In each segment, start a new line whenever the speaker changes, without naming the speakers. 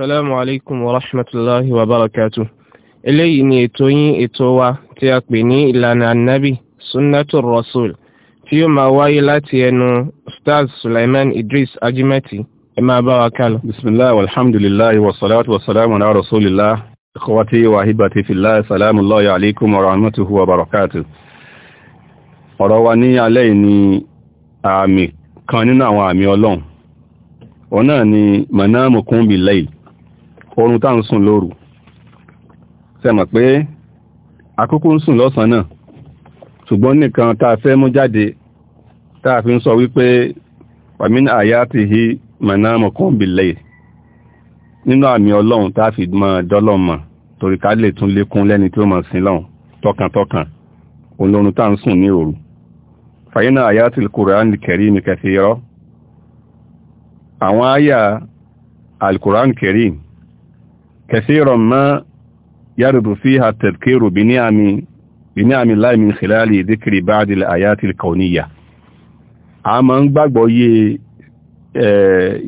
Assalamu alaikum wa rahmatullahi wa barakatuh. Eléyìí ni ètò yín ètò wa tí a pè ní ìlànà annabi Sunnatul Rasul tí yóò máa wáyé láti ẹnu Ustaz Sulaiman Idris Ajimeti. Ẹ máa bá wa kálọ. Bismillah walhamdulillah
wa salatu wa salamu ala rasulillah. Ikhwati wa ahibati fillah salamu Allahi alaikum wa rahmatuhu wa barakatuh. Ọ̀rọ̀ wa ní alẹ́ yìí ni àmì kan nínú àwọn àmì Ọlọ́run. Òun náà ni Manamu Kumbi Layl oorun tá ń sùn lóru sẹ́mọ̀ pé àkókò ń sùn lọ́sàn náà ṣùgbọ́n nìkan tá a fẹ́ mú jáde tá a fi ń sọ wípé wàmín àyàtìhí mọ̀nàmọ̀kún bìlẹ̀ nínú àmì ọlọ́run tá a fi mọ́ dọ́lọ́mọ̀ torí ká lè tún lékún lẹ́ni tí ó mọ̀ sí lọ́hùn tọkàntọkàn olórun tá ń sùn ní òru fàyínà àyàtìl kùránì kẹrìm kẹfì rọ àwọn àyà alkùránì kẹrìm كثيرا ما يرد فيها التذكير بنعم بنعم الله من خلال ذكر بعض الآيات الكونية a ma ń gbàgbọ́ yé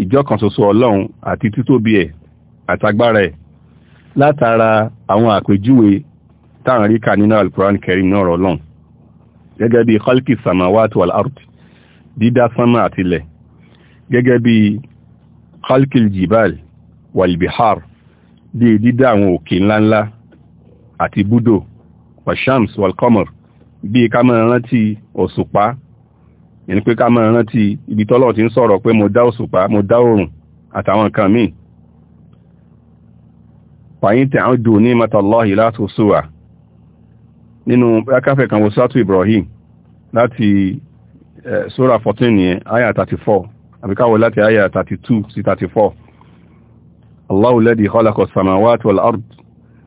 ìjọ kan ṣoṣo ọlọ́run àti títóbi ẹ̀ àtagbára ẹ̀ látara àwọn àpèjúwe táwọn rí kà nínú alukuran kẹrin náà rọ lọ́n gẹ́gẹ́ bí khalki samawati wal ard dídá sánmà àtilẹ̀ gẹ́gẹ́ bí khalki jibal wal bihar bíi dídá àwọn òkè ńláńlá àti búdò washams walcomer bíi ká máa rántí òṣùpá ẹni pé ká máa rántí ibi tọ́lọ̀ ti ń sọ̀rọ̀ pé mo dá òṣùpá mo dá oòrùn àtàwọn nǹkan míì fàyín àwọn dùn ní matalahi látòsúwà nínú akáfẹ́ kan Ibrahim láti eh, sura 14 yẹn 34 àbíkáwọ̀ láti aya 32 الله الذي خلق السماوات والأرض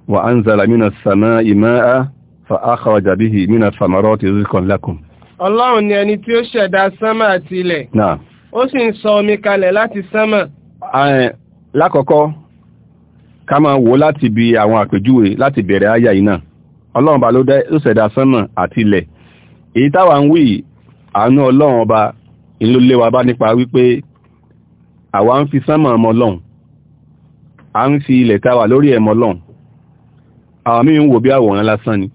وأنزل من السماء ماء فأخرج به من الثمرات رزقا لكم
الله ni ẹni tí ó ṣẹ̀dá sánmà àti ilẹ̀. Náà. Ó sì ń sọ omi kalẹ̀ láti sánmà. Lákọ̀ọ́kọ́,
ká máa wò láti bi àwọn àpèjúwe láti bẹ̀rẹ̀ àyà yìí náà. Ọlọ́run ba ló ṣẹ̀dá sánmà àti ilẹ̀. Èyí táwa ń wí àánú Ọlọ́run ọba ìlú léwa bá nípa wípé àwa ń fi sánmà ọmọ Ọlọ́run a ń fi ilẹ̀ tá wà lórí ẹ̀mọ́ lọ́n àwọn míì ń wò bí àwòrán lásán ni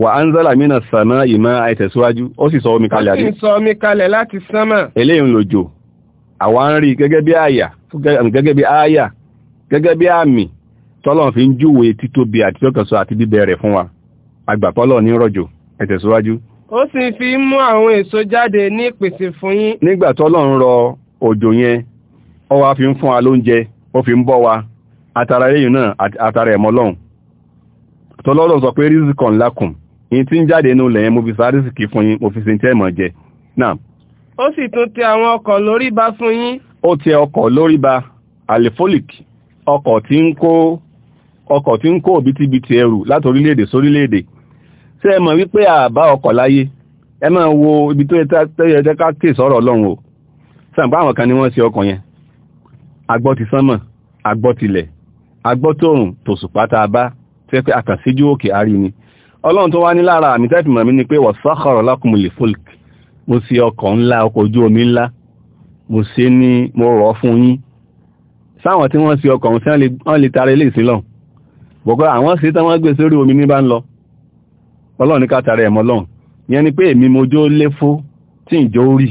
wà á ń zálà mí náà sàmá ìmọ̀ àìtẹ̀síwájú ó sì sọ omi kalẹ̀ àdé. ó sì sọ omi kalẹ̀ láti sánmà. eléyìí ń lòjò àwa ń rí gẹ́gẹ́ bí àyà gẹ́gẹ́ bí àyà gẹ́gẹ́ bí àmì tọ́lọ̀ fi ń júwe títóbi àti tọ́kànṣọ àti bíbẹ̀ rẹ̀ fún wa agbàpọ́lọ̀ ní rọ̀jò ẹ̀tẹ̀síwájú.
ó sì fi ń mú àwọn èso jáde ní ìpèsè fún yín.
nígbà ń rọ òjò yẹn ó fi ń fún wa lóúnjẹ ó fi ń bọ́ wa atara lẹ́yìn náà atara ẹ̀mọ́ lọ́hùn tọ́lọ́lọ́ sọ pé rizikon lakum in ti ń jáde inú lẹ́yìn mo fi sa riziki fún yín mo fi se ń tẹ́ ẹ̀mọ́ jẹ náà.
ó sì tún tẹ àwọn ọkọ̀ lórí ba fún yín.
ó tẹ ọkọ̀ lórí ba alifolic ọkọ̀ tí ń kó ọkọ̀ tí ń kó òbítíbitì ẹrù láti orílẹ̀-èdè sórílẹ̀-èdè ṣé ẹ mọ̀ wípé àbá ọkọ̀ láyé ẹ máa wo ibi tó yẹ ká kè sọ̀rọ̀ ọlọ́run o sàǹpá àwọn kan ni wọ́n ṣe ọkọ̀ yẹn agbọ́ ti sánmọ̀ agbọ́ tilẹ̀ agbọ́ tóòrùn tòṣùpá tá a bá tẹ́ pé àkànṣíjú òkè àárí ni ọlọ́run tó wá ní lára àmì tẹ́tì mọ̀mí ni pé wọ́n sọ́kọ̀rọ̀ lọ́kùnmùlè folk mo ṣe ọkọ̀ ńlá ọkọ̀ ojú omi ńlá mo ṣe ní mo rọ̀ fún yín sáwọn tí wọ́n ṣe ọkọ̀ ọ̀hún tí wọ́n lè tara ilé ìsìn lọ bọ̀gọ́ àwọn ṣe tán wọ́n gbé sórí omi ní bá ń lọ ọlọ́run ní ká tara ẹ̀mọ́ lọ́hùn ìyẹn ni pé èmi mojó léfó tí ìjọ rí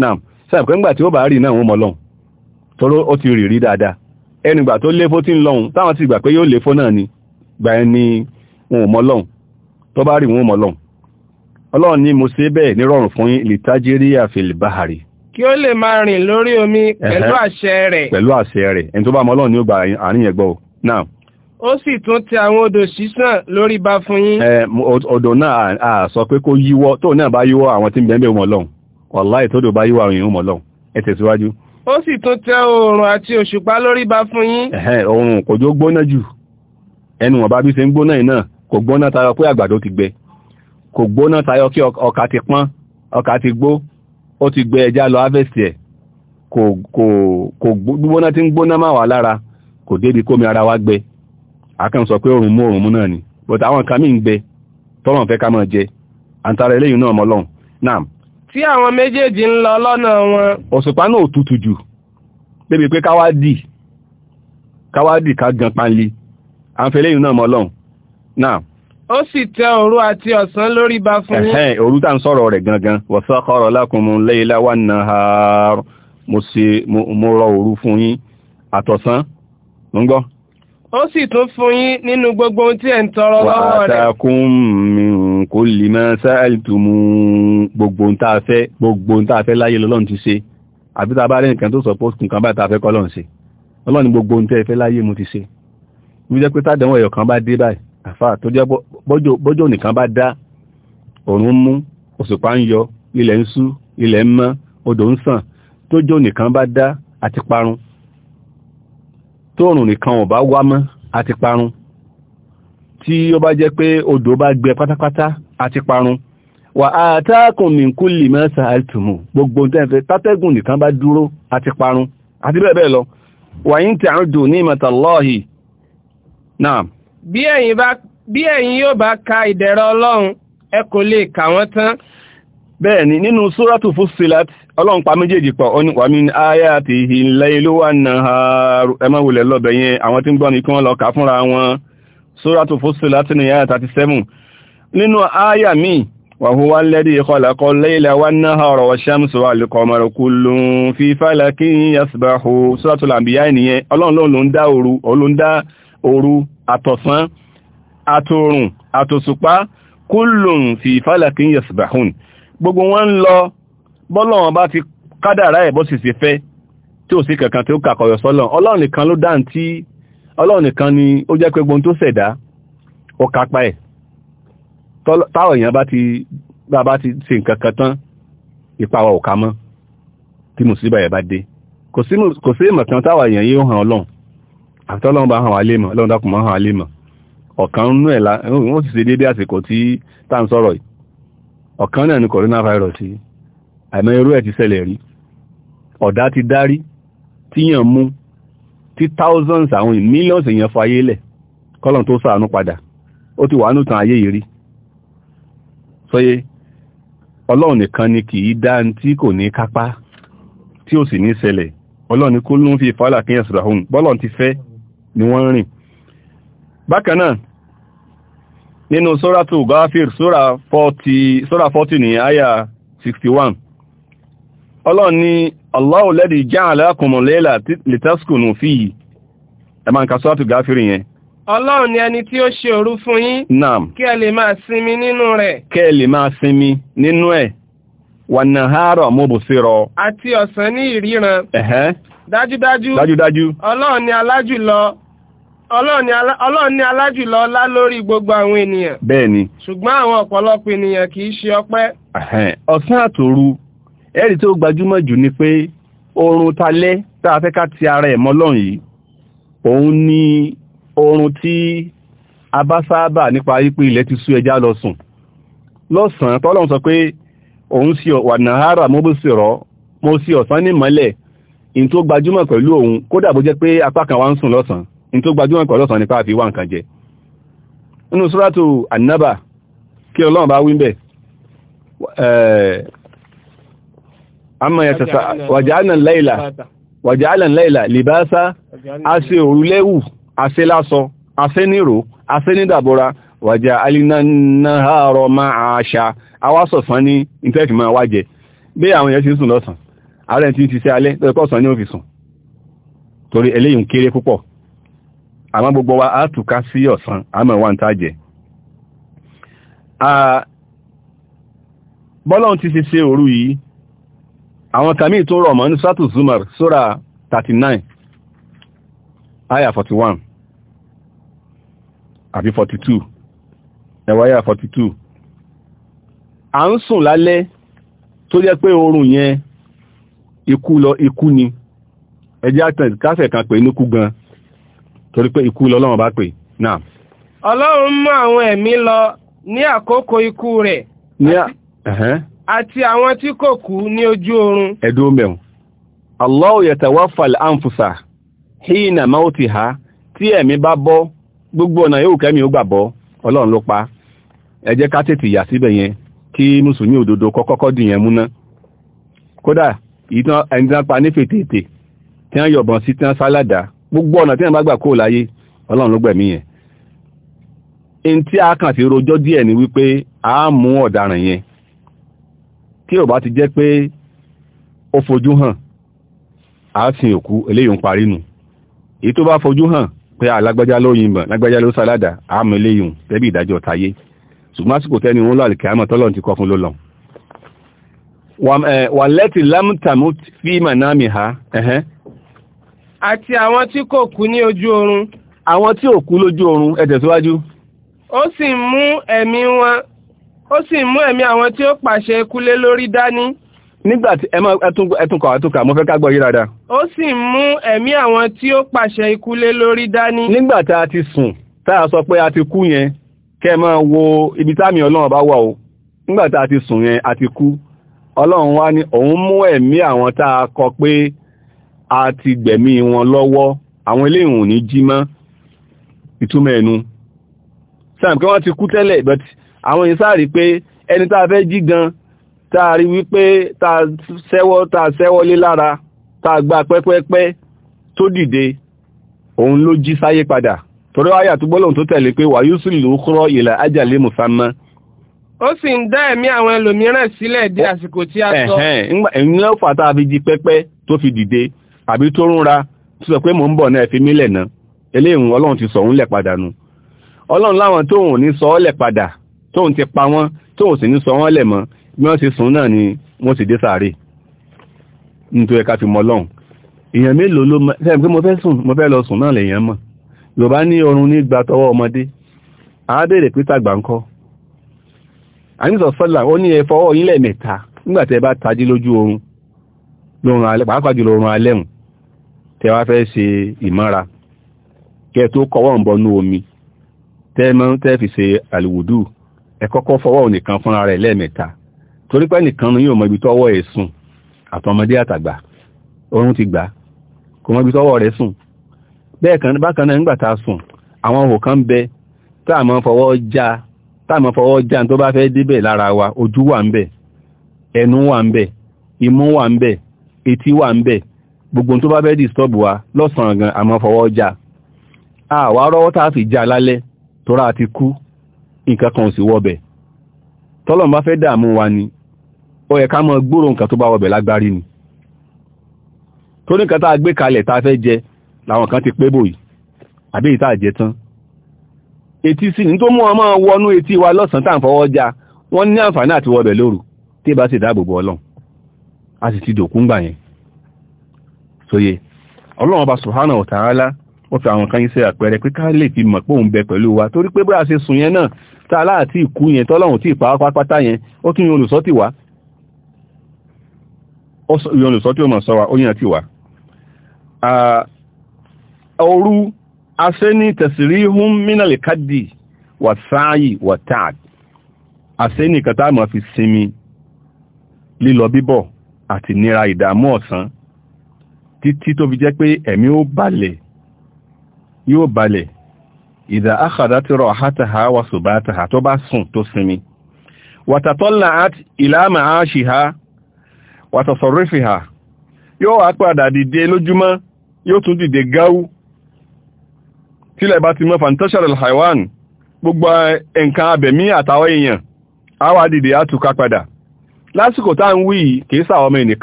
náà sáà pé ńgbà tí ó bá rí náà wọ́n mọ̀ lọ́hùn tọ́rọ ó ti rìrí dáadáa ẹnìgbà tó léfó tí ń lọ́hun táwọn ti gbà pé yóò léfó náà ni gbà ẹni wọn ò mọ lọ́hun tó bá rí wọn ò mọ lọ́hun ọlọ́run ni mo ṣe bẹ́ẹ̀ nírọ̀rùn fún lìtájíríà fìlìbáhàrì
kí ó lè máa rìn lórí omi pẹ̀lú àṣẹ rẹ̀
pẹ̀lú àṣẹ rẹ̀ ẹni tó bá mọ ọlọ́run ni ó gba àárín yẹn gbọ́ náà
ó sì tún tẹ àwọn odò sísàn
lórí ba fún yín. ẹ odò náà a sọ pé kó yíwọ́ tó náà bá yíwọ́ àwọn tí ń bẹ́ẹ̀ bẹ́ẹ̀ mọ̀ lọ́hùn wàláì
ó sì tún tẹ oòrùn àti òṣùpá lórí ba fún yín.
ẹ̀hẹ́ oòrùn kò jó gbóná jù ẹnu wọn bá bí ṣe ń gbóná yìí náà kò gbóná tayọ pé àgbàdo ti gbẹ kò gbóná tayọ kí ọkà ti pọ́n ọkà ti gbó ó ti gbẹ ẹja lọ harvest ẹ̀ kò kò kò gbóná tí ń gbóná máa wà lára kò débi kómi ara wa gbẹ akẹ́hùn sọ pé oòrùn mú oòrùn mú náà ni but àwọn kan mí ń gbẹ tọ́lọ̀ fẹ́ ká máa jẹ àǹtarẹ̀ eléyìí náà mọ́lọ́hùn náà
tí àwọn méjèèjì ń lọ lọ́nà wọn
òṣùpá náà tutù jù débi pé káwádì káwádì ká gan panlé àǹfẹ́lẹ́ yìí náà mọ́lọ́n náà
ó sì tẹ òru àti ọ̀sán lórí ba fún yín
òru tá ń sọ̀rọ̀ rẹ̀ gangan wasakhara lakumul layla wan nahar mo rọ òru fún yín àtọ̀sán ń gbọ́
ó sì tún fún yín nínú gbogbo ohun tí ẹ̀ ń tọrọ lọ́wọ́ rẹ̀.
wa atakum min kulli ma sa'altumu gbogbo ohun tá a fẹ́ gbogbo ohun tá a fẹ́ láyé lọ́lọ́run ti ṣe àbí tá a bá rẹ̀ nǹkan tó sọ pé nǹkan báyìí tá a fẹ́ kọ́ lọ́run ṣe lọ́lọ́run gbogbo ohun tẹ́ ẹ fẹ́ láyé mo ti ṣe ibi jẹ́ pé tádẹ̀wọ̀n ẹ̀yọ̀ kan bá dé báyìí àfà tó jẹ́ bọ́jọ́ tóòrùn nìkan ò bá wá mọ́ àti parun tí ó bá jẹ́ pé odò bá gbẹ pátápátá àti parun wà àtàkùn min kulli ma sa'altumu gbogbo tẹ́ẹ̀fẹ́ tátẹ́gùn nìkan bá dúró àti parun àti bẹ́ẹ̀ bẹ́ẹ̀ lọ wà in ta'uddu ni'matallahi náà
bí ẹ̀yin yóò bá ka ìdẹ̀ra ọlọ́run ẹ kò lè kà wọ́n tán bẹ́ẹ̀ni
nínú sóràtù Fussilat ọlọ́run pa méjèèjì pọ̀ ó ní wa min ayatihi al-laylu wan ha ẹmọ́wulẹ̀ lọ́bẹ̀ yẹn àwọn tí ń gbọ́ ní kí wọ́n lọ kà fúnra wọn sóràtù Fussilat ní àyà 37 nínú àyà mi wa huwa alladhi khalaqa al-layla wan-nahara wash-shamsa wal-qamara kullun fi falakin yasbahu sóràtù al-anbiya nìyẹn ọlọ́run ló ń dá òru ló ń dá òru àtọ̀sán àtòrùn gbogbo wọn ń lọ bọ́lọ́wọ́n bá ti kádàrá ẹ̀ bó sì sì fẹ́ tí ò sí kankan tí ó kàkọyọ̀ sọ́lọ́n ọlọ́run nìkan ló dáhùn tí ọlọ́run nìkan ni ó jẹ́ pé gbohun tó ṣẹ̀dá ó kápá ẹ̀ táwọn èèyàn bá ti bá ti ṣe nǹkan kan tán ipa wa ò ká mọ́ tí mùsíbà ẹ̀ bá dé kò sí ìmọ̀ kan táwọn èèyàn yóò hàn ọlọ́run àti ọlọ́run bá hàn wá lé mọ̀ ọlọ́run dákùn mọ́ hàn wá lé mọ̀ ọ̀kan nú ẹ̀ la ó sì ṣe déédé àsìkò tí tá à ń sọ̀rọ̀ yìí ọ̀kan náà ni coronavirus yìí àìmọ́ irú ẹ̀ ti sẹlẹ̀ rí ọ̀dá ti dárí tíyàn mú tí thousands àwọn millions èèyàn fayé lẹ̀ kọ́lọ̀n tó ṣàánú padà ó ti wà nùtàn ayé yìí rí sọye ọlọ́run ni kì í dá tí kò ní kápá tí ó sì ní fi fàálà kíyàn sọ̀rọ̀ bọ́lọ̀ ti fẹ́ ni wọ́n rìn nínú sóràtù gáfíìr sóra 40 40 ní àyà 61 ọlọ́run ní Allahu lẹ́dí ja'ala lakumul layla litaskunu fihi ẹ̀mà nǹkan sóràtù gáfíìr yẹn
Ọlọ́run ni ẹni tí ó ṣe orú fún yín. Naam. lè máa sinmi nínú rẹ̀. àárọ̀ Dájúdájú. ni Ọlọ́run ni alájùlọ ọlá lórí gbogbo àwọn ènìyàn. Bẹ́ẹ̀ni. Ṣùgbọ́n àwọn ọ̀pọ̀lọpọ̀ ènìyàn kì ṣe ọpẹ́.
Ọ̀sán àtòru, ẹ̀rí tó gbajúmọ̀ jù ni pé oorun talẹ́ tá a fẹ́ ká ti ara ẹ̀ mọ́lọ́run yìí, òun ni oorun tí a bá sáábà nípa wípé ilẹ̀ ti sú ẹja lọ sùn. Lọ́sàn-án tọ́lọ́run sọ pé òun sí wà nàárà mo bó sì rọ́, mo sí ọ̀sán ní mọ́lẹ̀, in tó gbajúmọ̀ tó gbajúmọ̀ pẹ̀lú ọ̀sán nípa àfi wá nǹkan jẹ nínú sóràtù ànábà kí ọlọ́run bá wí ń bẹ̀ eh, amma ya tasa wajalan laila wajalan laila libasa ase orulewu ase laso ase niro ase ni dabora wajalina naharo awaso fan ni intefi ma waje bí àwọn yẹn ti sùn lọ́sàn are ti ti ṣe alẹ́ to ko torí eleyun kéré púpọ̀ àmọ́ gbogbo wa á tùká sí ọ̀sán àmọ́ wà ń tàjẹ́ bọ́lọ́n ti ṣe ṣe òru yìí àwọn kàmí tó rọ̀ mọ́ ní sátù zumar sóra 39 aya 41 àbí 42 ẹwà aya 42 à ń sùn lálẹ́ tó jẹ́ pé oorun yẹn ikú lọ ikú ni ẹjẹ́ àtẹ̀kásẹ̀ kan pè níkú gan-an torí pé ikú lọ́lọ́run bá pè náà.
ọlọ́run mú àwọn ẹ̀mí lọ ní àkókò ikú rẹ̀ àti àwọn tí kò kú ní ojú oorun.
ẹ̀dùn mẹ́wọ̀n Allahu yatawaffal anfusa hina mautiha tí ẹ̀mí bá bọ́ gbogbo ọ̀nà yóò kẹ́mi ó gbà bọ́ ọlọ́run ló pa ẹ jẹ́ ká tètè yà síbẹ̀ yẹn kí mùsùlùmí òdodo kọ́kọ́kọ́ dìyẹn múná kódà ìtàn ẹni tí wọ́n pa ní fètèètè tí wọ́n yọ̀bọ̀n sí tí wọ́n sálàdà gbogbo ọ̀nà tí wọ́n bá gbà kó láyé ọlọ́run ló gbẹ̀mí yẹn in tí a kàn fi rojọ́ díẹ̀ ni wípé a mú ọ̀daràn yẹn kí ò bá ti jẹ́ pé ó fojú hàn a sin òkú eléyìí ń parí nù èyí tó bá fojú hàn pé alágbájá ló yìnbọn lágbájá ló sáládà a mú eléyìí tẹ́bí ìdájọ́ tayé ṣùgbọ́n àsìkò tẹ́ni wọn lọ àlìkẹ́ àmọ́ tọ́lọ́run ti kọ́ fún ló lọ wà lámùtàmù fíìmà náà mi ha
àti àwọn tí kò kú ní ojú oorun. àwọn tí ò kú lójú oorun ẹ tẹ̀síwájú. ó sì mú ẹ̀mí wọn ó sì mú ẹ̀mí àwọn tí ó pàṣẹ ikú lé lórí dání.
nígbà tí ẹ máa ẹtúnkọ àtúnkà mo fẹ́ ká gbọ́ yí dáadáa.
ó sì mú ẹ̀mí àwọn tí ó pàṣẹ ikú lé lórí dání.
nígbà tá a ti sùn tá a sọ pé a ti kú yẹn kẹ́ ẹ máa wo ibi táàmì ọlọ́run bá wà o nígbà tá a ti sùn yẹn a ti kú ọlọ́run wá ní òun mú ẹ̀mí àwọn tá a kọ pé a ti gbẹ̀mí wọn lọ́wọ́ àwọn eléyìí ní jí mọ́ ẹnu sam kí wọ́n ti kú tẹ́lẹ̀ but àwọn èyí sáà rí pé ẹni tá a fẹ́ jí gan tá rí wípé tá sẹ́wọ́ tá sẹ́wọ́ lé lára tá gba pẹ́pẹ́pẹ́ tó dìde òun ló jí sáyé padà torí àyà tó gbọ́lọ́hùn tó tẹ̀lé pé wàyú sì lù kúrọ́ ìlà ajalè musamman.
ó sì ń dá ẹ̀mí àwọn ẹlòmíràn sílẹ̀ di àsìkò tí a
sọ. ẹ̀hẹ́n ń lọ́fà tá a fi jí pẹ́pẹ́ tó fi dìde àbí tó rúnra tó sọ pé mò ń bọ̀ náà fi mílẹ̀ náà eléyìí ọlọ́run ti sọ òun lẹ̀ padà nu ọlọ́run láwọn tóun ní sọ ọ́ lẹ̀ padà tóun ti pa wọ́n tóun sì ní sọ wọ́n lẹ̀ mọ́ bí wọ́n ti sùn náà ni wọ́n sì dé sàárè nítorí ẹ̀ka fi mọ ọlọ́run èèyàn mélòó ló fẹ́ pé mo fẹ́ sùn mo fẹ́ lọ sùn náà lèèyàn mọ̀ yorùbá ní oorun ní gba tọwọ́ ọmọdé àádèrè pété àgbà àníṣọ sọ́là ó ní ẹ̀fọ́ ọ̀yìnlẹ̀ mẹ́ta nígbà tẹ́ bá tají lójú oorun lóorun alẹ́ pàápàá jùlọ oorun alẹ́hùn tẹ wá fẹ́ ṣe ìmọ́ra kẹ tó kọwọ́ ń bọnú omi tẹ mọ́ tẹ fi ṣe àlùwùdù ẹ kọ́kọ́ fọwọ́ nìkan fúnra rẹ̀ lẹ́ẹ̀mẹ́ta torí pé nìkan ni yóò mọ ibi tọ́wọ́ ẹ̀ sùn àtọmọdé àtàgbà oorun ti gbà kò mọ ibi tọ́wọ́ rẹ̀ sùn bẹ́ẹ̀ kan bákan náà nígbà tá a sùn àwọn ohò kan bẹ tá a mọ fọwọ́ já tá a mọ fọwọ́ já tó bá fẹ́ débẹ̀ lára wa ojú wà ń bẹ̀ ẹnu wà ń bẹ̀ imú wà ń bẹ̀ etí wà ń bẹ̀ gbogbo tó bá bẹ́ disturb wa lọ́sàn gan àmọ́ fọwọ́ já àwa rọ́wọ́ tá a fi já lálẹ́ tóra ti kú nǹkan kan sì wọ́bẹ̀ tọ́lọ̀ bá fẹ́ dààmú wa ni ó yẹ ká mọ gbúrò nǹkan tó bá wọ́bẹ̀ lágbárí ni tó ní nǹkan tá a gbé kalẹ̀ tá a fẹ́ jẹ làwọn kan ti pé bòyí àbí ìta àjẹ tán etí sí ní tó mú ọmọ wọnú etí wa lọ́sàn tá fọwọ́ já wọ́n ní àǹfààní àti wọ́bẹ̀ lóru tí bá sì dáàbò ọlọ́run a sì ti dòkú ń gbà yẹn sóye ọlọ́run ọba subhanahu wa ta'ala wọ́n fi àwọn kan yí sí àpẹẹrẹ pé ká lè fi mọ̀ pé òun bẹ pẹ̀lú wa torí pé bá a ṣe sùn yẹn náà tá a láàtì ìkú yẹn tọ́lọ́run tí ìpápátá yẹn ó tún yẹn olùsọ́ ti wá ó yẹn olùsọ́ tí ó wa ó yẹn ti wá òru asẹ́ ní tasrihum mínàlì kádì wà sáàyì wà táàd asẹ́ ní kàtà mọ̀ fi sinmi lílọ bíbọ̀ àti nira ìdààmú ọ̀sán títí tó fi jẹ́ pé ẹ̀mí ó balẹ̀ yóò balẹ̀ ìdá àkàdá tí rọ àhátàhá wà subataha tó bá sùn tó sinmi wàtàtọ́lá àti ìlàmà àṣìhá wàtàsọ̀rífìhá yóò wá padà dìde lójúmọ́ yóò tún dìde gáú tílẹ̀ bá ti mọ́ fantasar alhaiwan gbogbo nǹkan abẹ̀mí àtàwọn èèyàn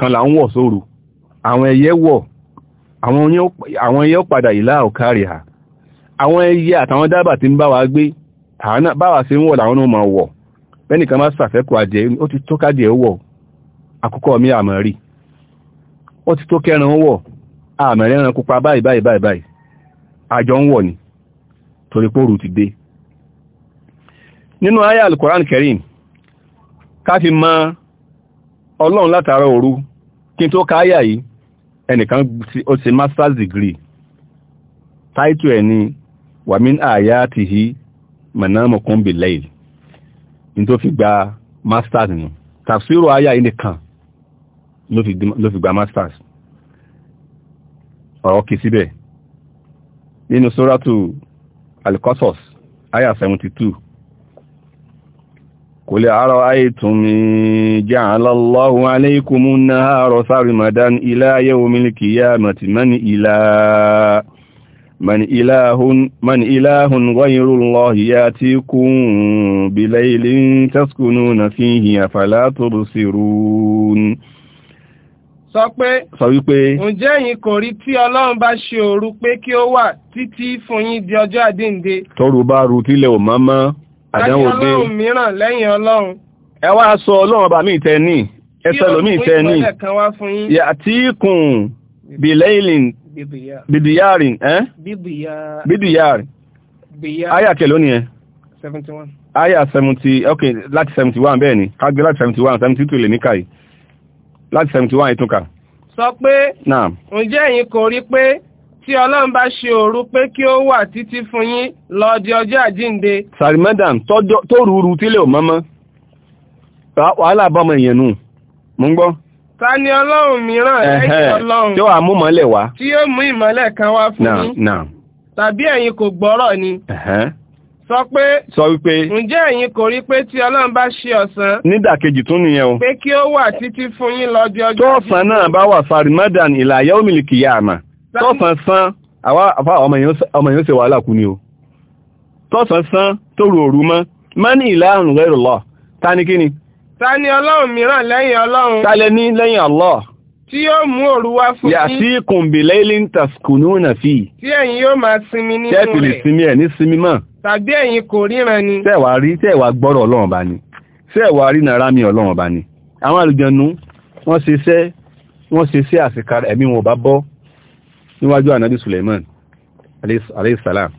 á àwọn ẹyẹ wọ̀ àwọn yóò padà ìlà òkàrí ha àwọn ẹyẹ àtàwọn dábà tí ń bá wa gbé báwa sí ń wọ̀ láwọn ọmọ wọ̀ bẹ́nìkan má sàfẹ́kù àjẹ́ ó ti tó kájẹ́ wọ̀ àkókò mi àmọ́ rí ó ti tó kẹran wọ̀ kí tó káyà yìí ẹnìkan ó ṣe master's degree táìtù ẹ̀ ni wàmín àyà ti hí mọ̀nàmọ̀kún bí ní tó fi gba masters nù tafsiru àyà yìí nìkan ló fi gba masters ọ̀rọ̀ kì síbẹ̀ nínú sóràtù al-Qasas àyà 72 قل أرأيتم جعل الله عليكم النهار سرمدا إلى يوم القيامة من إله من إله من إله غير الله يأتيكم بليل تسكنون فيه أفلا تبصرون sọ pé sọ wípé
ǹjẹ́ yìí kò rí tí ọlọ́run bá ṣe òru pé kí o wa titi fún yín di ọjọ́ àdíǹde
tóru bá ru tílẹ̀ ò mọ́ mọ́
àdánwò dé mìíràn lẹ́yìn ọlọ́run
ẹ sọ ọlọ́run ọba mi tẹ ní
ẹsẹ lomi tẹ ní
yàtí kùn bìlẹ́ìlìn bìdìyàrin ẹ́
bìdìyàrin àyà kẹ ẹ 71
70 ok láti 71 bẹ́ẹ̀ ni kágbé láti 71 72 lè níkà yìí láti 71 ìtúnkà
sọ pé ǹjẹ́ ẹ̀yin kò rí pé tí ọlọ́run bá ṣe òru pé kí ó wà títí fún lọ di ọjọ́ àjínde.
Sari madam tó rúurú tílẹ̀ ò mọ́mọ́ wàhálà bọ́mọ èèyàn nù mú gbọ́.
ta ni ọlọ́run mìíràn lẹ́yìn ọlọ́run tí ó wá. tí yóò mú ìmọ́lẹ̀ kan wá fún yín tàbí ẹ̀yin kò gbọ́rọ̀ ni. sọ pé sọ wípé ǹjẹ́ ẹ̀yin kò rí pé tí ọlọ́run bá ṣe ọ̀sán.
nídàkejì tún nìyẹn
ọjọ́
àjínde.
tọ́sàn sán
àwa ọmọ èèyàn ṣe wàhálà kú ni o tọ́sàn sán tó rò òru mọ́ mọ́ ní ìlà àrùn rẹ̀ lọ ta ni kíni
ta ni ọlọ́run mìíràn lẹ́yìn ọlọ́run ta lẹ
ní lẹ́yìn Allah
tí yóò mú òru wá fún yín yàtí
kùnbì lẹ́yìn tàskùnú nà fi
tí ẹ̀yin yóò máa sinmi nínú rẹ̀ tẹ́ẹ̀tì ni
tẹ́ẹ̀wà rí tẹ́ẹ̀wà gbọ́rọ̀ ọlọ́run bá ni tẹ́ẹ̀wà rí nàrá mi ọlọ́run bá ni àwọn àlùjànnú wọ́n ṣe iṣẹ́ wọ́n ṣe ẹ̀mí wọn bá bọ́ níwájú ànábì Suleiman aleyhisalaam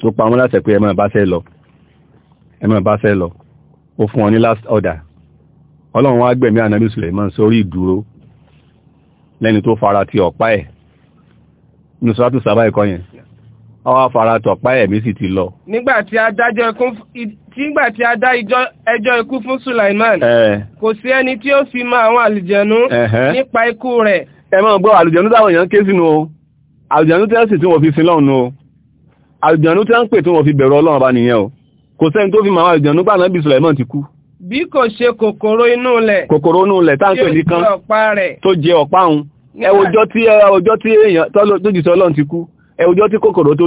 tó pa wọn láti pé ẹ máa bá ṣe lọ ẹ máa bá ṣe lọ ó fún wọn ní last order ọlọ́run wá gbẹ̀mí ànábì Suleiman sórí ìdúró lẹ́ni tó fara ti ọ̀pá ẹ̀ ní sọ́tù sábà ẹ̀kọ́ yẹn ọwọ́ fara tọ̀pá ẹ̀mí sì ti lọ
nígbàtí adájọ́ ikún Tígbà tí a dá ẹjọ́ ikú fún Sulaiman, kò sí ẹni tí ó fi mọ àwọn àlùjẹ̀nú nípa ikú rẹ̀. Ẹ
máa gbọ́ àlùjẹ̀nú táwọn èèyàn ké sínú o, àlùjẹ̀nú tí wọ́n sì tí wọ́n fi sin lọ́run o, àlùjẹ̀nú tí wọ́n pè tí wọ́n fi bẹ̀rù Ọlọ́run bá nìyẹn o, kò sẹ́ni tó fi mọ àwọn àlùjẹ̀nú pàánà bí Sulaiman ti kú
bí kò ṣe kòkòrò inú lẹ̀
kòkòrò inú lẹ̀ táǹkì nìkan tó jẹ ọ̀pá òun ẹwọ́jọ́ tí èèyàn tó jù tó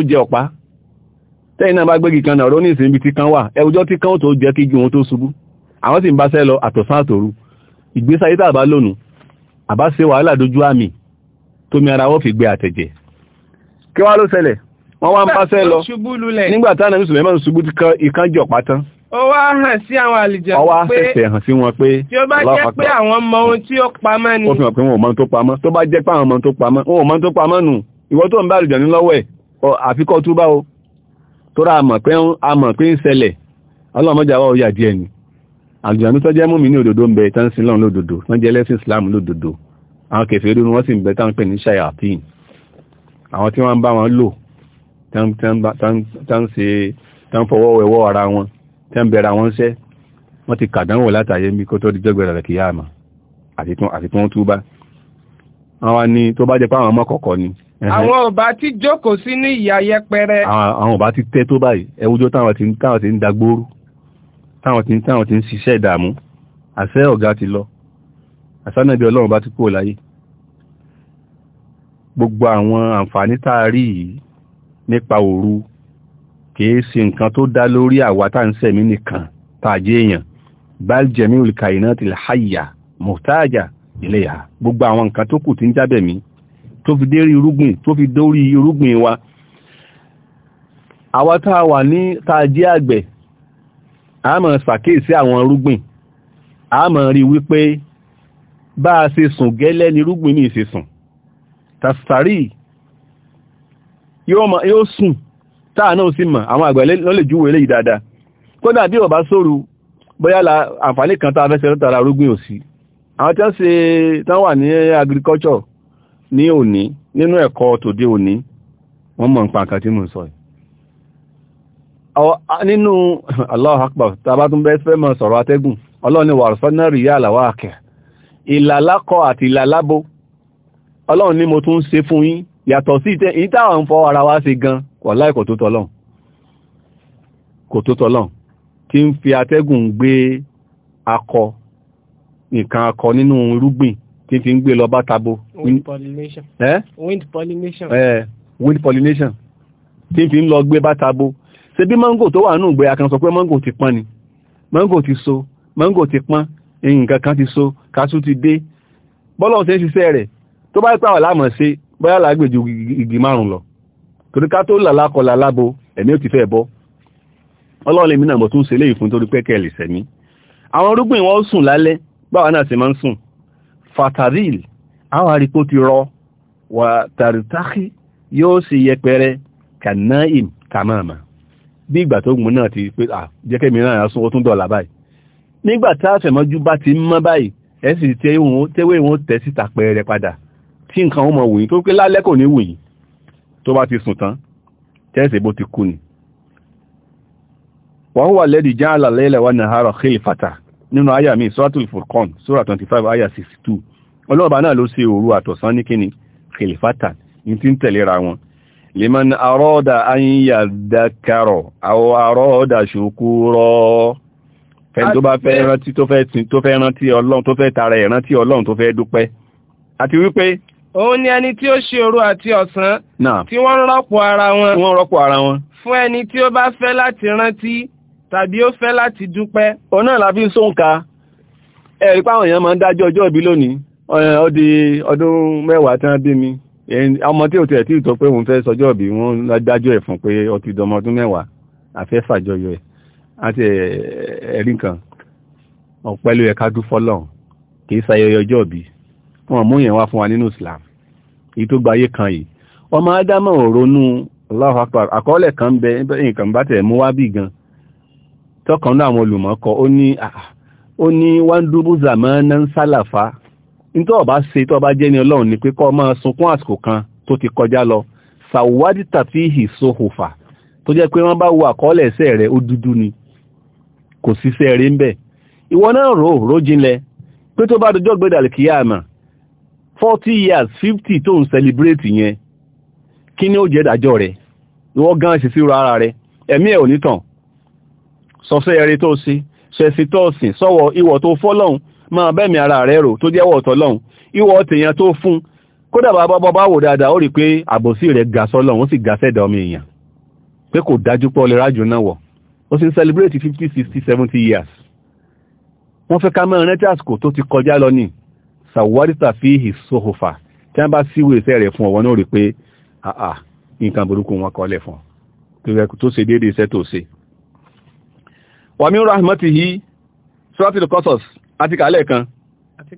jẹ ọ̀pá tẹ́yìn náà bá gbégi kan náà rónì sí ibi tí kan wà ẹwùjọ́ tí kan tó jẹ́ kí igi wọn tó ṣubú àwọn sì ń bá sẹ́ lọ àtọ̀sán àtòru ìgbésáyé tàbá lónù àbá ṣe wàhálà dojú àmì tómi ara wọ́n fi gbé àtẹ̀jẹ̀ kí wá ló ṣẹlẹ̀ wọ́n wá ń bá sẹ́ lọ nígbà táwọn ẹ̀mí sùlẹ̀mọ́ ṣubú ìkan jọ̀ pátán
ó wá hàn sí àwọn àlìjẹ̀ pé
tí ó bá jẹ́ pé àwọn mọ ohun tí ó pamọ́ ni ó fi hàn pé wọn ò mọ tó pamọ́ tó bá jẹ́ pé àwọn mọ tó pamọ́ wọn ò mọ tó pamọ́ nù ìwọ tó ń bá àlìjẹ̀ ní ẹ̀ àfikọ́ túbá o tóra àmọ̀ pé ń ṣẹlẹ̀ ọlọ́mọjàwá ọ̀yà díẹ̀ ni àlùjànnú tó jẹ́ mùmínì òdodo ń bẹ tán sí wọ́n jẹ́ lẹ́sìn Islam lódodo àwọn kèfèrí ni wọ́n sì ń bẹ tán pè ní ṣayatin àwọn tí wọ́n ń bá wọn lò tán fọwọ́ wẹ̀wọ́ ara wọn tán bẹ̀rẹ̀ àwọn ṣẹ́ wọ́n ti kàdánwò látàyé mi kó tó di jọ́gbẹ̀rẹ̀ rẹ̀ ni àwọn
ọba tí jókòó sí ní ìyà yẹpẹrẹ.
àwọn ọba tí tẹ́ tó báyìí ẹwùjọ táwọn ti ń dagbóoru táwọn ti táwọn ti ń ṣiṣẹ́ ìdààmú àṣẹ ọ̀gá ti lọ àṣánàbí ọlọ́run bá ti kúrò láyé gbogbo àwọn àǹfààní tá a rí yìí nípa òru kìí ṣe nǹkan tó dá lórí àwa tá ń sẹ̀mí nìkan tá a jẹ́ èèyàn bal jami'ul kainatil hayya muhtaja ilayha gbogbo àwọn nǹkan tó kù ti ń jábẹ̀mí tó fi dérí irúgbìn tó fi dórí irúgbìn wa àwa tá a wà ní tá a àgbẹ̀ a máa ṣàkíyèsí àwọn irúgbìn a máa rí wípé bá a ṣe sùn gẹ́lẹ́ ni irúgbìn mi ṣe sùn tàṣàrí yóò sùn táà náà sì mọ̀ àwọn àgbẹ̀ ló lè la àǹfààní kan tá a fẹ́ ṣe lọ́tara irúgbìn ò àwọn tí wọ́n ṣe tán wà ní agriculture ní òní nínú ẹ̀kọ́ tòde òní wọ́n mọ̀ nípa nǹkan tí mò ń sọ yìí nínú Allahu Akbar tàbá tún bẹ́ẹ̀ fẹ́ mọ̀ sọ̀rọ̀ atẹ́gùn ọlọ́run ni wàrùsọ́nà rí àlàwà ni mo tún ṣe fún yín yàtọ̀ sí ìyí táwọn ń fọ ara wa ṣe gan wàláì kò tó tọ́lọ́run kò tó tí ń fi atẹ́gùn gbé akọ nǹkan akọ nínú irúgbìn tí fi ń gbé lọ bá tabo. wind
pollination. Eh? wind pollination.
Eh, wind pollination tí fi ń lọ gbé bá tabo. ṣe bí mango tó wà nù gbé akàn sọ pé mango ti pọ́n ni mango ti so mango ti pọ́n nǹkan kan ti so kaṣú ti dé bọ́lọ̀ ṣe ń ṣiṣẹ́ rẹ̀ tó bá pàwọ̀ láàmọ̀ ṣe bóyá làágbèjì igi márùn lọ torí ká tó làlá kọ làlábo ẹ̀mí ò ti fẹ́ bọ́ ọlọ́run lèmi náà mọ̀ tún ṣe léyìí fún torí pé kẹ́ẹ̀lì sẹ̀mí àwọn irúgbìn wọn sùn lálẹ́ báwa náà ṣe máa ń sùn Fataril àwọn àríkó ti rọ wà tàrítàkì yóò sì yẹpẹrẹ kanáìm tamama bí ìgbà tó gùn náà ti pé à jẹ́kẹ́ mìíràn àyà sún ó tún dọ̀là báyìí nígbà tá àfẹ̀mọ́jú bá ti mọ́ báyìí ẹ̀sì tẹ́wé wọn tẹ̀ síta pẹ̀rẹ̀ padà tí nǹkan wọn mọ̀ wòyìn tó pé lálẹ́ kò ní wòyìn tó bá ti sùn tán tẹ́ẹ̀sì bó ti kú ni wọ́n wà lẹ́dìí já àlàlẹ́lẹ̀ wọn nàárọ̀ khilfata nínú àyà mi suratul furqan sura 25 àyà 62 ọlọ́ọ̀bá náà ló ṣe òru àtọ̀sán ní kíni kìlìfàtà ní tí ń tẹ̀léra wọn liman arọ́ọ̀dà ayíyà dákàrọ̀ àwọ arọ́ọ̀dà ṣùkúrọ̀
fẹ́ni tó bá fẹ́ rántí
tó fẹ́ rántí ọlọ́run tó fẹ́ tara ẹ̀ rántí ọlọ́run tó fẹ́ dúpẹ́ àti
wípé òun ni ẹni tí ó ṣe òru àti ọ̀sán tí wọ́n rọ́pò ara wọn fún ẹni tí ó bá fẹ́ láti rántí tàbí ó fẹ́ láti dúpẹ́. òun náà la fi ń sóǹka
ẹ̀rí páwọn èèyàn máa ń dájọ́ ọjọ́ ìbí lónìí ó di ọdún mẹ́wàá tí wọ́n bí mi ọmọ tí ò tiẹ̀ tí ì tọ́ pé òun fẹ́ sọjọ́ ìbí wọn dájọ́ ẹ̀ fún pé ó ti dọmọ ọdún mẹ́wàá àfẹ́ fàjọyọ̀ ẹ̀ àti ẹ̀rí nǹkan ọ̀pẹ́ ló yẹ kì í sayẹyẹ ọjọ́ ìbí wọn mú yẹn wá fún wa nínú Islam èyí tó gbayé kan yìí ọmọ Ádámọ̀ ronú Allahu Akbar kan bẹ nǹkan bá tẹ̀ mú wá bì gan-an tọ́kàn náà àwọn olùmọ́kọ ó ní ah, ó ní wándúbúzà máa ń ń sálàfà nítorí ọba ṣe tó ọba jẹ́ ní ọlọ́run ni pé kọ́ sunkún àsìkò kan tó ti kọjá lọ sàwádìí tàfíhì sóhùfà tó jẹ́ pé wọ́n bá wo àkọọ́lẹ̀ ẹ̀ṣẹ̀ rẹ̀ ó dúdú ni kò síṣẹ́ rí ń bẹ̀ ìwọ náà rò rò jinlẹ̀ pé tó bá dọjọ́ gbẹ́dàlì kìíyàmà 40 years 50 tó ń celebrate yẹn kí ni ó jẹ́ ìdájọ́ rẹ̀ ìwọ gan ṣe sí ara rẹ̀ ẹ̀mí ẹ̀ ò sọ́sẹ́ ẹ̀rẹ́ tó sí ṣẹ̀sì tó sì sọ́wọ́ ìwọ̀ tó fọ́lọ́hun máa bẹ́ẹ̀mì ara rẹ̀ rò tó jẹ́wọ́ tọ́lọ́hun ìwọ̀ tèèyàn tó fún kódà bàbá bá wò dáadáa ó rí pé àbòsí rẹ̀ ga sọ́lọ́hun ó sì ga sẹ́dà ọmọ èèyàn pé kò dájú pé ọlẹ́rà jù náà wọ̀ ó sì ń celebrate fifty sixty seventy years wọ́n fẹ́ ká mẹ́rin rẹ́tí àsìkò tó ti kọjá lọ ní sàwárìtà fi ìṣòhòfà tí wọ́n bá síwò ìṣẹ́ rẹ̀ fún ọ̀wọ́n náà rí pé nǹkan burúkú wọn kọ́lẹ̀ fún tó ṣe déédéé iṣẹ́ tó ṣe wàmí rahmatihi suratul Qasas àti kàálẹ̀ kan àti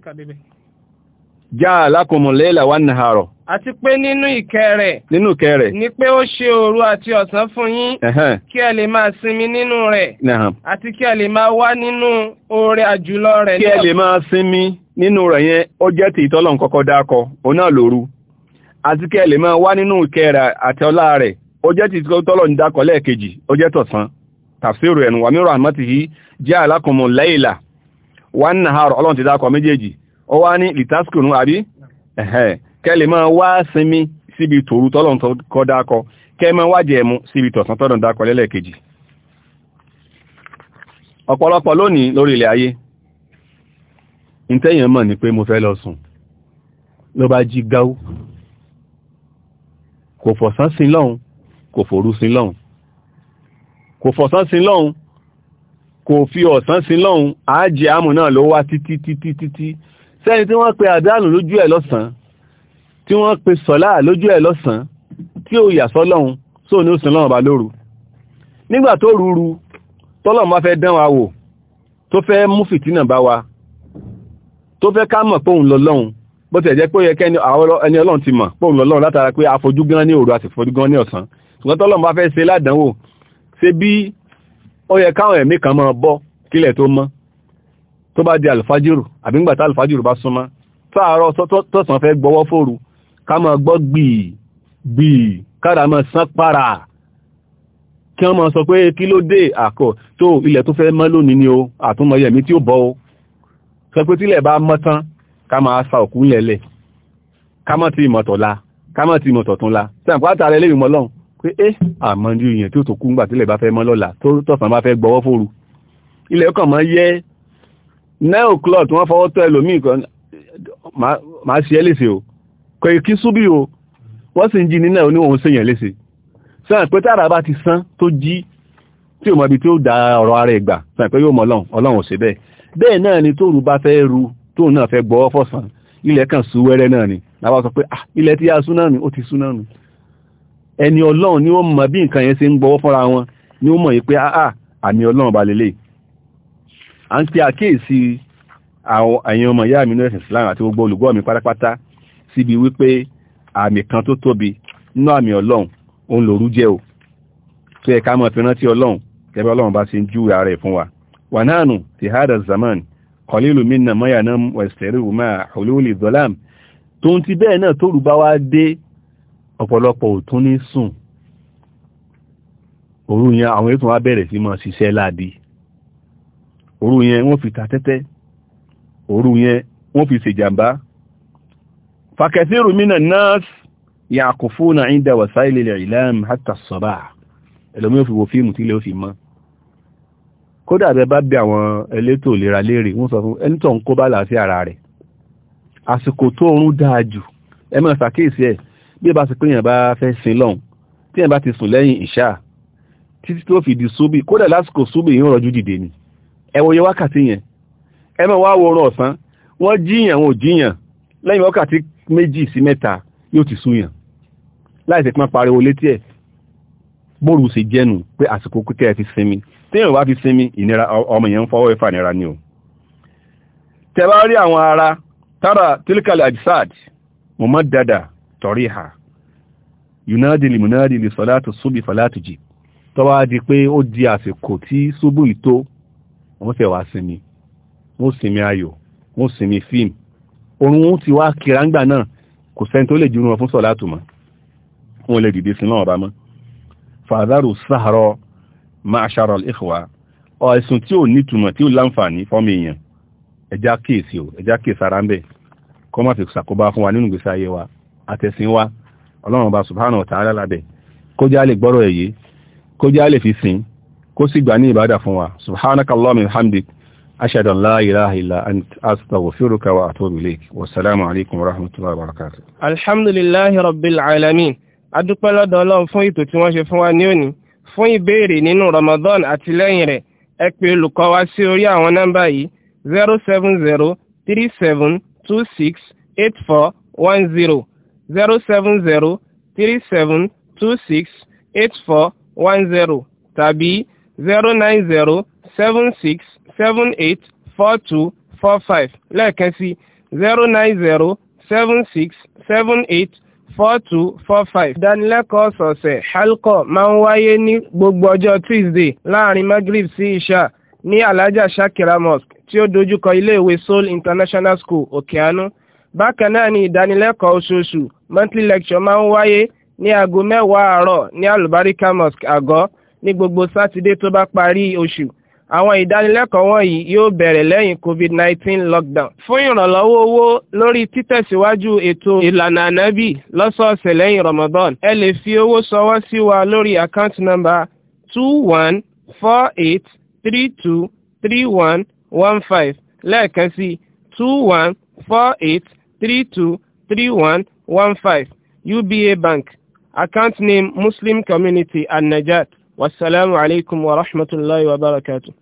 já alákùnmù wà ní àárọ̀
àti pé nínú ìkẹ́ rẹ̀
nínú ìkẹ́ rẹ̀
ni pé ó ṣe òru àti ọ̀sán fún yí, kí ẹ máa sinmi nínú rẹ̀ àti kí ẹ lè máa wá nínú rẹ̀ kí ẹ lè
máa sinmi nínú rẹ̀ yẹn ó jẹ́ ti kọ́kọ́ dákọ lóru àti kí ẹ lè máa wá nínú rẹ̀ àti ọlá rẹ̀ ó jẹ́ ti dákọ lẹ́ẹ̀kejì ó jẹ́ tafsiru ẹnu wa min rahmatihi ja'alakumul layla wan nahar ọlọ́run ti dákọ̀ méjèèjì ó wá ní litaskunu àbí kẹ́lẹ̀ máa wá sinmi síbi tòru tọ́lọ́run tó kọ́ dákọ̀ kẹ́ máa wá jẹ mu síbi tọ̀sán tọ́lọ́run dákọ̀ lẹ́lẹ́kejì ọ̀pọ̀lọpọ̀ lónìí lórí kò fọ̀sán sí lọ́hun kò fòru sí lọ́hun kò fọ̀sán sí lọ́hun kò fi ọ̀sán sí lọ́hun àájẹ àmù náà ló wá títí títí títí sẹ́ni tí wọ́n pe àdánù lójú ẹ̀ lọ́sàn tí wọ́n pe sọ̀lá lójú ẹ̀ lọ́sàn tí ó yà sọ́lọ́hun sóò ní ó sin lọ́hun bá lóru nígbà tó rúru tọ́lọ́hun bá fẹ́ dán wa wò tó fẹ́ mú fìtínà bá wa tó fẹ́ ká mọ̀ póun lọ lọ́hun bó ti ẹ̀jẹ́ pé ó yẹ kẹ́ni ẹni ọlọ́run ti mọ̀ póun lọ lọ́hun látara pé afojú gan ní òru àti fojú gan ní ọ̀sán ṣùgbọ́n tọ́lọ́hun bá fẹ́ ṣe ládánwò ṣe bí ó yẹ káwọn ẹ̀mí kan máa bọ́ kílẹ̀ tó mọ́ tó bá di alfajiru àbí ńgbà tá alfajiru bá súnmọ́ sáàárọ̀ tọ́sàn fẹ́ gbọ́wọ́ fòru ká máa gbọ́ gbìí gbìí kára máa sán para kí wọ́n máa sọ pé kí ló dé àkọ́ tó ilẹ̀ tó fẹ́ mọ́ lónìí ni o àtúnmọ̀ yẹ̀mí tí ó bọ́ o sọ pé tílẹ̀ bá mọ́ tán ká máa sa òkú lẹ̀lẹ̀ ká mọ́ ti ìmọ̀tọ̀la ká mọ́ ti ìmọ̀tọ̀túnla sẹ́ǹpá tààrẹ lè mọ́ lọ́hùn pé é àmọ́ ní èèyàn tí ó tó kú ńgbà tílẹ̀ bá fẹ́ mọ́ lọ́la tó tọ̀sán bá fẹ́ gbọ́wọ́ fóru ilẹ̀ ọkàn mọ́ yẹ nine o'clock wọ́n fọwọ́ tọ́ ẹlòmíì kan máa ṣe ẹ́ léṣe o kò kí súbì o wọ́n sì ń jí nínú oníwọ̀n ṣèyàn léṣe sàn pé tára bá ti sán tó jí tí ò mọ ibi tí ó da ọ̀rọ̀ ara ẹ̀ gbà sàn pé yóò mọ ọlọ́run ọlọ́run ò ṣe bẹ́ẹ̀ bẹ́ẹ̀ náà ni tóru bá fẹ́ ru tóun náà fẹ́ gbọ́wọ́ fọ̀sán ilẹ̀ kan sú wẹ́rẹ́ náà ni làwọn ẹni ọlọ́run ni ó mọ̀ bí nǹkan yẹn ṣe ń gbọ́wọ́ fúnra wọn ni ó mọ̀ yí pé àà àmì ọlọ́run bá lélẹ̀ à ń pe àkíyèsí àwọn ẹ̀yin ọmọ ìyá mi ní ẹ̀sìn Islam àti gbogbo olùgbọ́ mi pátápátá síbi wípé àmì kan tó tóbi nínú àmì ọlọ́run òun lòrú jẹ́ o tó yẹ mọ̀ fi rántí ọlọ́run gẹ́gẹ́ ọlọ́run bá ṣe ń júwe ara ẹ̀ fún wa wà náà nù ti hada zaman kọlílù mínà mọ́yà náà wẹ̀sẹ̀rì wùmá olúwìlì zọlám tó ń ti bẹ́ẹ̀ náà tó rù bá wá dé ọ̀pọ̀lọpọ̀ ò tún ní sùn òru yẹn àwọn ètò wa bẹ̀rẹ̀ sí máa ṣiṣẹ́ láàdì òru yẹn wọ́n fi ta tẹ́tẹ́ òru yẹn wọ́n fi ṣèjàmbá fàkẹ̀sírù mínà nọ́ọ̀sì yàkùfúnà ìdá wàsáìlẹ̀ ìlàm hátà sọ́bà ẹlòmí ò fi wo fíìmù tí ilé ó fi mọ́ kódà bẹ bá bí àwọn elétò ìlera léèrè wọ́n sọ fún ẹnitọ́ ń kó bá láàfin ara rẹ̀ àsìkò tó oorun dáa jù ẹ máa ẹ̀ bí ẹ bá ṣe pé èèyàn bá fẹ́ sin lọ́hùn tí èèyàn bá ti sùn lẹ́yìn ìṣá títí tó fi di súbì kódà lásìkò súbì yìí rọjú dìde ni ẹ wo iye wákàtí yẹn ẹ máa wá wo oorun ọ̀sán wọ́n jíyàn wọn ò jíyàn lẹ́yìn wákàtí méjì sí mẹ́ta yóò ti súyàn láì sì pín pariwo létí ẹ̀ bóòrù sì jẹ́nu pé àsìkò kíkẹ́ ẹ fi sinmi tí èèyàn bá fi sinmi ìnira ọmọ yẹn ń fọwọ́ ẹ̀fà nira ni o tẹ bá rí àwọn ara tára tílíkàlì àjísáàdì mọ̀mọ́ dáadáa tọ̀ríhà yunadi lè múnádì lè sọ́látù súbì fàlátù jì tọ́wá di pé ó di àsìkò tí súbù ìtó wọ́n fẹ́ wá sinmi wọ́n sinmi ayò wọ́n sinmi fíìmù orun wọn ti wá kira ńgbà náà kò sẹ́ni tó lè jùrù wọn fún sọ́látù mọ́ wọn lè dìde sí náà ọba mọ́ fàdárù fi ṣàkóbá fún wa nínú ìgbésí wa àtẹ̀sìn wa ọlọ́run ọba subhanahu wa ta'ala lábẹ̀ kó já lè gbọ́rọ̀ èyí kó já lè fi sìn kó sì gbà ní ìbádà fún wa subhanakallahumma wa bihamdik ashhadu an la ilaha illa anta astaghfiruka wa atubu ilayk wa assalamu alaykum wa rahmatullahi wa barakatuh
alhamdulillahi rabbil alamin adúpẹ́ lọ́dọ̀ ọlọ́run fún ètò tí wọ́n ṣe fún wa ní òní fún ìbéèrè nínú zero seven zero three seven two six eight four one zero tàbí zero nine zero seven six seven eight four two four five lẹ́ẹ̀kan sí zero nine zero seven six seven eight four two four five. ìdánilẹ́kọ̀ọ́ ọ̀sọ̀ọ̀sẹ̀ halkọ máa ń wáyé ní gbogbo ọjọ́ tuesday láàrin maghrib sí isha ní alhaja shakira mosque tí ó dojúkọ iléèwé seoul international school òkèánú. Okay, bákan náà ni ìdánilẹ́kọ̀ọ́ oṣooṣù monthly lecture máa ń wáyé ní aago mẹ́wàá àárọ̀ ní alubarika mosque àgọ́ ní gbogbo sátidé tó bá parí oṣù àwọn ìdánilẹ́kọ̀ọ́ wọ̀nyí yóò bẹ̀rẹ̀ lẹ́yìn covid-19 lockdown. fún ìrànlọ́wọ́ owó lórí títẹ̀síwájú ètò ìlànà ànábì lọ́sọ̀ọ̀sẹ̀ lẹ́yìn ramadan ẹ lè fi owó ṣọwọ́ sí wa lórí account number two one four eight three two three one one five lẹ́ẹ̀kan sí two one four eight three two three one one five UBA Bank account name Muslim Community and Najat Wassalamu alaikum wa rahmatulahi wa barakatuh.